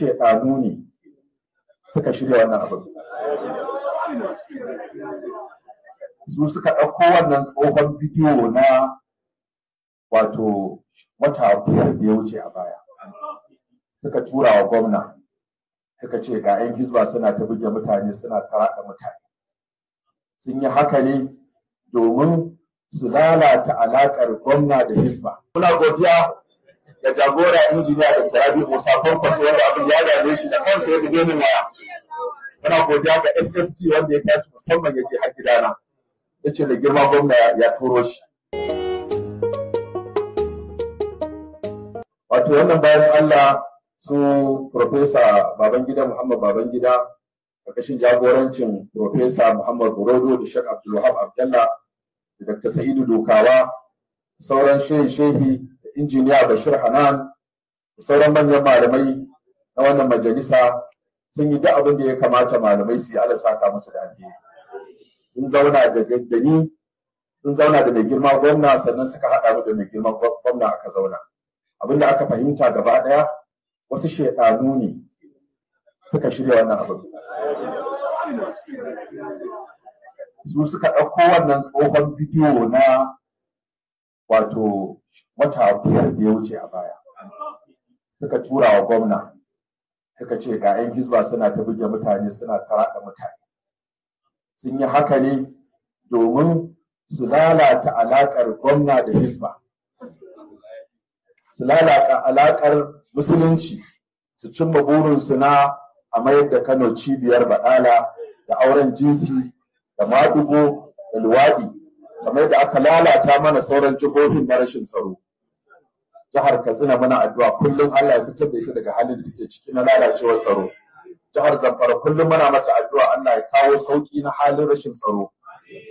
shaidanu ne suka shirya wannan abin su suka ɗauko wannan tsohon bidiyo na wato wata biyar da ya wuce a baya suka tura wa gwamna suka ce ga 'yan hizba suna ta buge mutane suna ta mutane sun yi haka ne domin su lalata alaƙar gwamna da hizba. Muna godiya da jagora injiniya da tarabi musa kwankwaso wanda abin ya dame shi da kansa ya buge ni waya muna godiya ga sst wanda ya tashi musamman ya je har gidana ya ce da girma gwamna ya turo shi wato wannan bayan allah su Profesa Babangida Muhammad Babangida ƙarƙashin jagorancin Profesa Muhammad Burodo da Sheikh Abdulwahab Abdallah da Dr. Sa'idu Dokawa sauran shehi shehi injiniya Bashir Hanan da sauran manyan malamai na wannan majalisa sun yi duk abin da ya kamata malamai su yi ala saka musu da alheri sun zauna da gaggani sun zauna da mai girma gwamna sannan suka haɗa mu da mai girma gwamna aka zauna abin da aka fahimta gaba ɗaya wasu shaidanu ne suka shirya wannan abin su suka ɗauko wannan tsohon bidiyo na wato wata biyar da ya wuce a baya suka tura wa gwamna suka ce ga 'yan hizba suna ta buge mutane suna karaɗa mutane sun yi haka ne domin su lalata alaƙar gwamna da hizba su lalata alaƙar musulunci su cimma burinsu na a mayar da kano cibiyar baɗala da auren jinsi da maɗigo da luwaɗi kamar da aka lalata mana sauran jihohin na rashin tsaro jihar katsina muna addu'a kullum allah ya fitar da ita daga halin da take ciki na lalacewar tsaro jihar zamfara kullum muna mata addu'a allah ya kawo sauki na halin rashin tsaro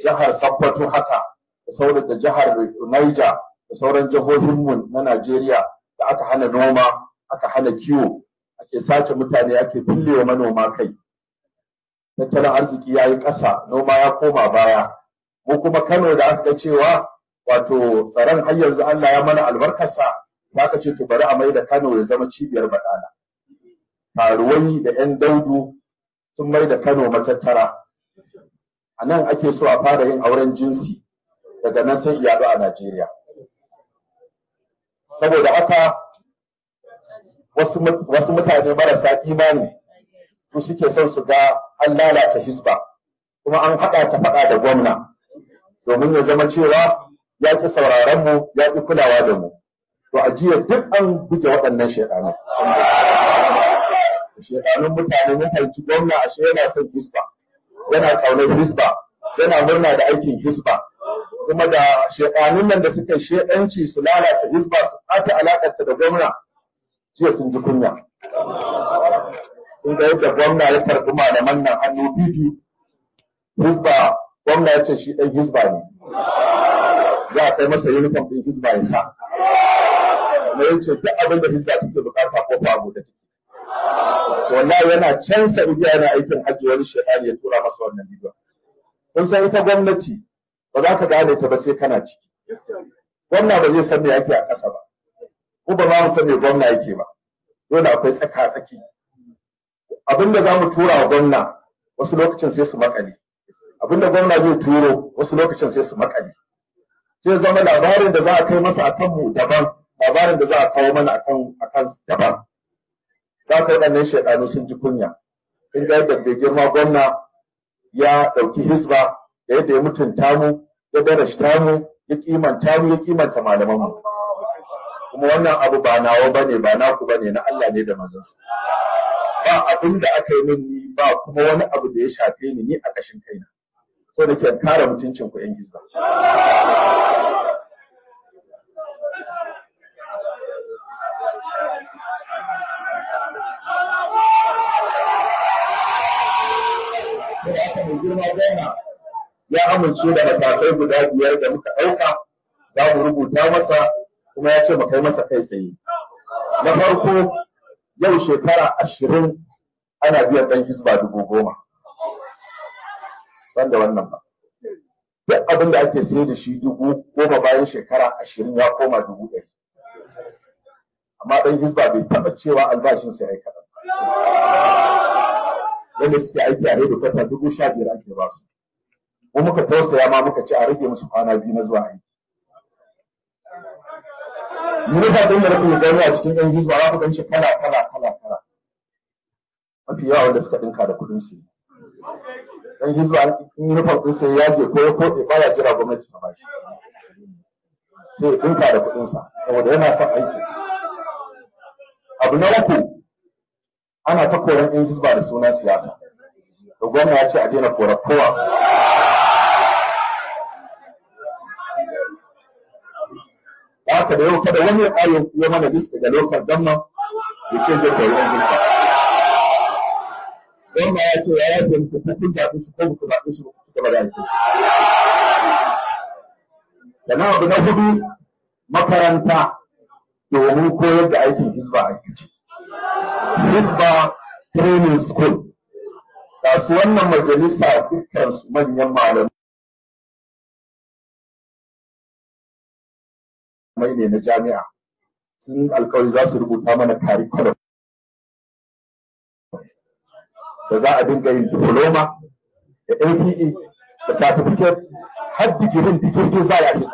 jihar sakkwato haka da sauran da jihar naija da sauran jihohinmu na najeriya da aka hana noma aka hana kiwo ake sace mutane ake fillewa manoma kai tattalin arziki ya yi ƙasa noma ya koma baya ko kuma Kano da aka ga cewa wato tsaron har yanzu Allah ya mana albarkarsa ba ka ce to bari a mai da Kano ya zama cibiyar baɗala. Faruwai da 'yan daudu sun mai da Kano matattara. A nan ake so a fara yin auren jinsi daga nan sai iyalu a Najeriya. Saboda haka wasu mutane marasa imani su suke son su ga an lalata hisba kuma an haɗa ta faɗa da gwamna. domin ya zama cewa ya ƙi sauraron mu ya ƙi kulawa da mu to a jiya duk an buge waɗannan shekaru shaidanun mutane mun halki gwamna ashe yana son hisba yana ƙaunar hisba yana murna da aikin hisba kuma da shaidanun nan da suka shaidanci su lalata hisba su ɓata alaƙarta da gwamna jiya sun ji kunya sun ga yadda gwamna ya karɓi malaman nan hannu bibi hisba gwamna ya ce shi ɗan Hisba ne za a kai masa uniform ɗin Hisba ya sa Me ya ce duk abin da hizba take bukata ko fa abu da take to wallahi yana can Saudiya yana aikin hajji wani shedani ya tura masa wannan bidiyon kun san ita gwamnati ba za ka gane ta ba sai kana ciki gwamna ba zai san me yake a ƙasa ba ko ba za mu san me gwamna yake ba dole akwai tsaka tsaki abin da za mu tura wa gwamna wasu lokacin sai su makale abinda gwamna zai turo wasu lokacin sai su makale sai zama labarin da za a kai masa akan mu daban labarin da za a kawo mana akan akan daban za ka waɗannan shaidanu sun ji kunya In ga yadda bai girma gwamna ya ɗauki hisba da yadda ya mutunta mu ya ta mu ya kimanta mu ya kimanta malaman mu kuma wannan abu ba nawa bane ba naku bane na Allah ne da manzansa ba abinda aka yi min ni ba kuma wani abu da ya shafe ni ni a ƙashin kaina so da ke kare mutuncin ku yan hizba ya amince da matakai guda biyar da muka ɗauka za mu rubuta masa kuma ya ce mu kai masa kai tsaye na farko yau shekara ashirin ana biyan ɗan hisba dubu goma san da wannan ba duk abin da ake sayar da shi dubu goma bayan shekara ashirin ya koma dubu ɗari amma ɗan hizba bai taɓa cewa albashin ya yi kaɗan wanda suke aiki a yau kwata dubu sha biyar ake ba su ko muka tausaya ma muka ci a rage musu kwana biyu na zuwa aiki Yunufa ɗin da na gani a cikin ɗan hizba za ku gan shi kala kala kala kala mafi yawa wanda suka ɗinka da kuɗin su ɗan hizba in uniform ɗinsa ya yage ko ya koɗe baya jira gwamnati ta bashi sai ɗinka da kuɗinsa saboda yana son aiki abu na uku ana ta koran ɗan hizba da suna siyasa da gwamna ya ce a daina korar kowa haka da yau kada wani ya ƙayo ya mana list daga lokal gwamna da ke zai koyi ɗan hizba gwamna ya ce ya yafe muku kun zaɓe shi ko muku zaɓin shi ku ci da sannan abu na hudu makaranta domin koyar da aikin hizba a aikace hizba training school ga su wannan majalisa dukkan su manyan malamai ne na jami'a sun alkawari za su rubuta mana curriculum da za a dinga yin diploma da NCE da certificate har digirin digirgin za a yi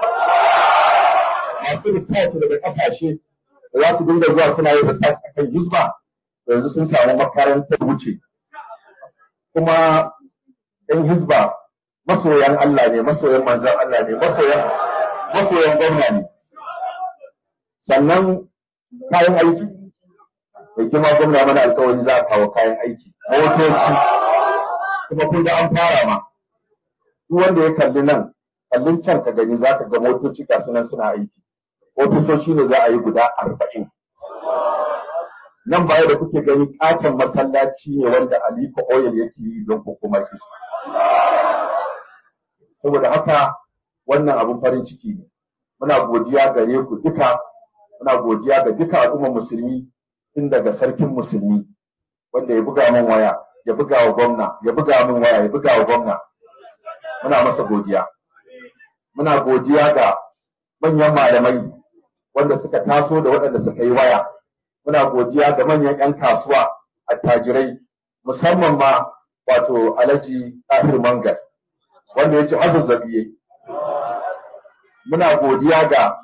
masu research daga kasashe da za su dinga zuwa suna yin research a kan hizba yanzu sun samu makarantar wuce kuma yan hizba masoyan Allah ne masoyan manzan Allah ne masoyan masoyan gwamna ne sannan kayan aiki mai ma gwamna mana alkawari za a kawo kayan aiki motoci kuma kun ga an fara ma duk wanda ya kalli nan kallin can ka gani za ka ga motoci ga nan suna aiki ofisoshi ne za a yi guda arba'in nan baya da kuke gani katon masallaci ne wanda aliko oil yake yi don hukumar kisa saboda haka wannan abin farin ciki ne muna godiya gare ku duka muna godiya ga duka al'ummar musulmi tun daga sarkin musulmi wanda ya buga min waya ya buga wa gwamna ya buga min waya ya buga wa gwamna muna masa godiya muna godiya ga manyan malamai wanda suka taso da waɗanda suka yi waya muna godiya ga manyan 'yan kasuwa attajirai musamman ma wato alhaji ahir mangal wanda ya ci zabiye muna godiya ga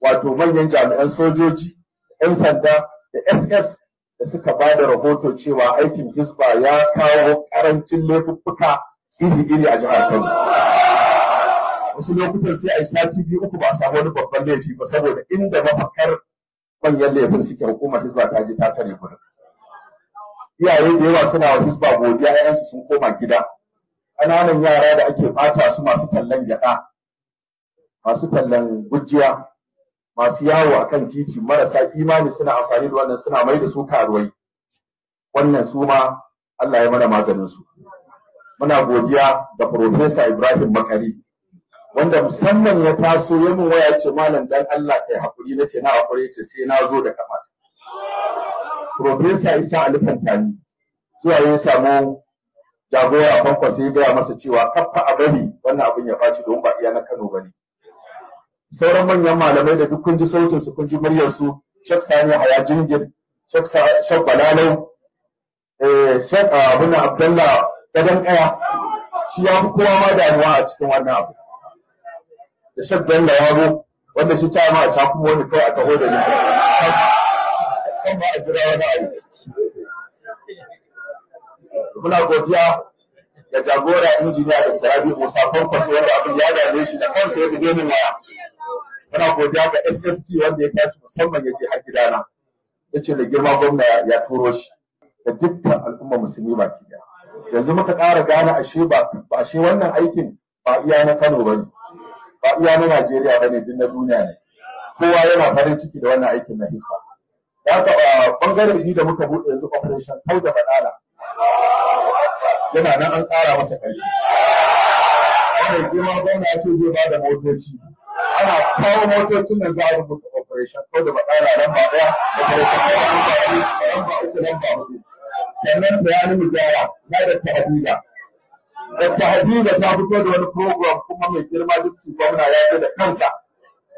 wato manyan jami'an sojoji 'yan sanda da ss da suka ba da rahoto cewa aikin hisba ya kawo karancin laifuffuka iri-iri a jihar kano wasu lokutan sai a yi sati biyu uku ba a samu wani babban laifi ba saboda inda mafakar manyan laifin suke hukumar hisba ta ji ta tare gurin iyaye da yawa suna wa hisba godiya 'ya'yansu sun koma gida ƙananan yara da ake bata su masu tallan gyaɗa masu tallan gujiya masu yawo a kan titi marasa imani suna amfani da wannan suna mai da su karuwai wannan su ma Allah ya mana maganinsu muna godiya da Profesa Ibrahim Makari wanda musamman ya taso ya mun waya ce malam dan Allah kai hakuri na ce na hakuri ce sai na zo da kafa Profesa Isa Ali Fantani zuwa ya samu jagora sai ya gaya masa cewa kafa a bari wannan abin ya faci don ba iya na Kano bane sauran manyan malamai da duk kun ji sautin su kun ji muryar su Sheikh Sani Haya Jingir Sheikh Sheikh Balalau eh Sheikh ah, Abun Abdullah Gadan Kaya shi ya fi kowa ma damuwa a cikin wannan abu da Sheikh Bello Yaro wanda shi ta ma ta kuma wani kawai a taho da ni kan ba a jira wani abu muna godiya da jagora injiniya da Rabi Musa Kwankwaso wanda abin ya dame shi da kansa ya buge min waya Yana godiya ga SST wanda ya tashi musamman ya je har gidana ya ce da girma gwamna ya turo shi da dukkan al'umma musulmi baki daya yanzu muka ƙara gane ashe ba ashe wannan aikin ba iya na Kano bane ba iya na Najeriya bane duk na duniya ne kowa yana farin ciki da wannan aikin na hisba haka bangare ni da muka buɗe yanzu operation kau da badala yana nan an ƙara masa ƙarfi wannan girma gwamna ya ce zai ba da motoci ana kawo motocin nan za a rubuta operation ko da baɗala lamba ɗaya operation lamba uku lamba hudu sannan ta yani gyara na da ta hadiza da ta hadiza ta fito da wani program kuma mai girma dukki gwamna ya ce da kansa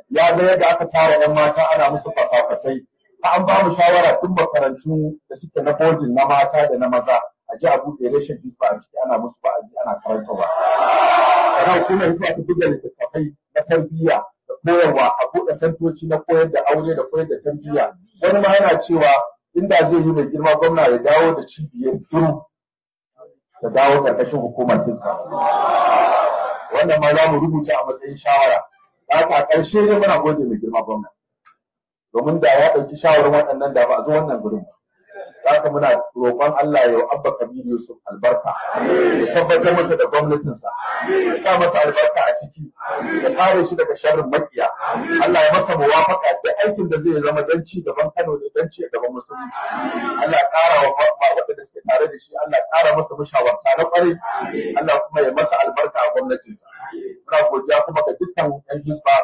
ya ga yadda aka tara yan mata ana musu fasafasai ta an ba mu shawara tun makarantu da suke na bodin na mata da na maza a ji abu da rashin hisba a ciki ana musu ba'azi ana karanta ba sannan kuma hisba ta buga littattafai na tarbiyya da koyarwa a buɗe santoci na koyar da aure da koyar da tarbiyya wani ma yana cewa inda zai yi mai girma gwamna ya dawo da cibiyar duru ta dawo karkashin hukumar hisba wannan ma za mu rubuta a matsayin shawara haka ƙarshe ne muna gode mai girma gwamna domin da ya ɗauki shawarar waɗannan da ba a zo wannan gurin ba haka muna roƙon Allah ya abba Kabir Yusuf albarka ya tabbatar masa da gwamnatinsa ya sa masa albarka a ciki ya kare shi daga sharrin makiya Allah ya masa muwafaka da aikin da zai zama dan ci gaban Kano ne dan ci gaban musulunci Allah ya ƙara wa waɗanda suke tare da shi Allah ya ƙara masa mushawarta na ƙwarai Allah kuma ya masa albarka a gwamnatinsa muna godiya kuma ga dukkan 'yan hisba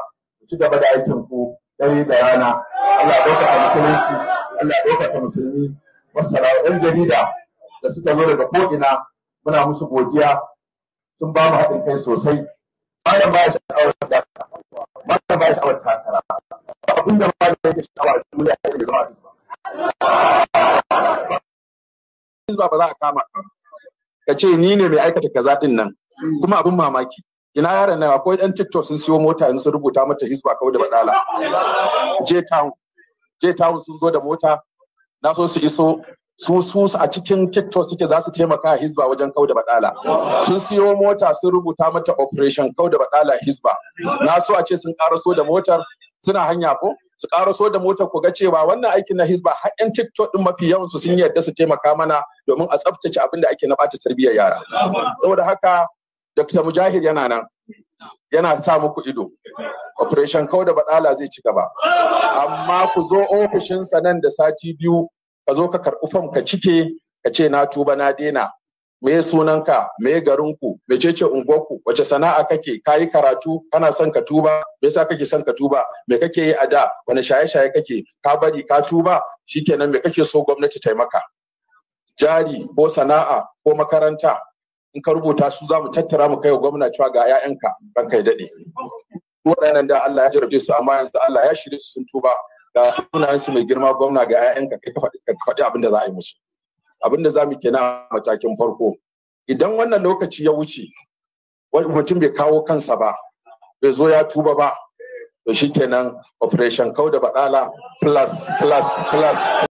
ci gaba da aikin ku dare da rana Allah ya ɗaukaka musulunci Allah ya ɗaukaka musulmi masana yan jarida da suka zo daga ko'ina muna musu godiya sun ba mu haɗin kai sosai malam ba ya sha'awar siyasa malam ba ya sha'awar takara abin da malam yake sha'awar duniya ne zama a hizba ba za a kama ka ka ce ni ne mai aikata kaza din nan kuma abin mamaki ina yaran nan akwai yan tiktok sun siyo mota in sun rubuta mata hizba kawai da badala j town town sun zo da mota na so su iso su su a cikin TikTok suke za su taimaka a Hizba wajen da badala. Sun siyo mota sun rubuta mata operation kauda a Hisba. Na so a ce sun karaso da motar suna hanya ko su karaso da motar ku ga cewa wannan aikin na Hisba har yan TikTok din mafi yawan su sun yarda su taimaka mana domin a tsaftace abin da ake na bata tarbiyyar yara. Saboda haka Dr. Mujahid yana nan. yana sa muku ido operation kau da badala zai ci gaba amma ku zo ofishinsa nan da sati biyu ka zo ka karɓi fam ka cike ka ce na tuba na dena me sunanka me garinku ce unguwarku wace sana'a kake kayi karatu kana son ka tuba me yasa kake son ka tuba me kake yi a da wani shaye-shaye kake ka bari ka tuba shikenan me kake so gwamnati taimaka jari ko sana'a ko makaranta in ka rubuta su za mu tattara mu kai wa gwamna cewa ga 'ya'yanka ran kai daɗe waɗannan da Allah ya jarabce su amma yanzu Allah ya shirye su sun tuba ga sunayen su mai girma gwamna ga 'ya'yanka kai ka faɗi abin da za a yi musu abin da za mu kenan matakin farko idan wannan lokaci ya wuce mutum bai kawo kansa ba bai zo ya tuba ba to shikenan operation kau da baɗala plus plus plus